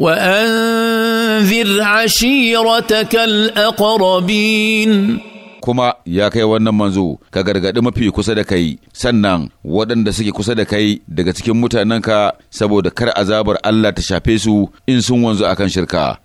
وأنذر عشيرتك الأقربين kuma ya kai wannan manzo ka gargaɗi mafi kusa da kai sannan waɗanda suke kusa da kai daga cikin mutanenka saboda kar azabar Allah ta shafe su in sun wanzu akan shirka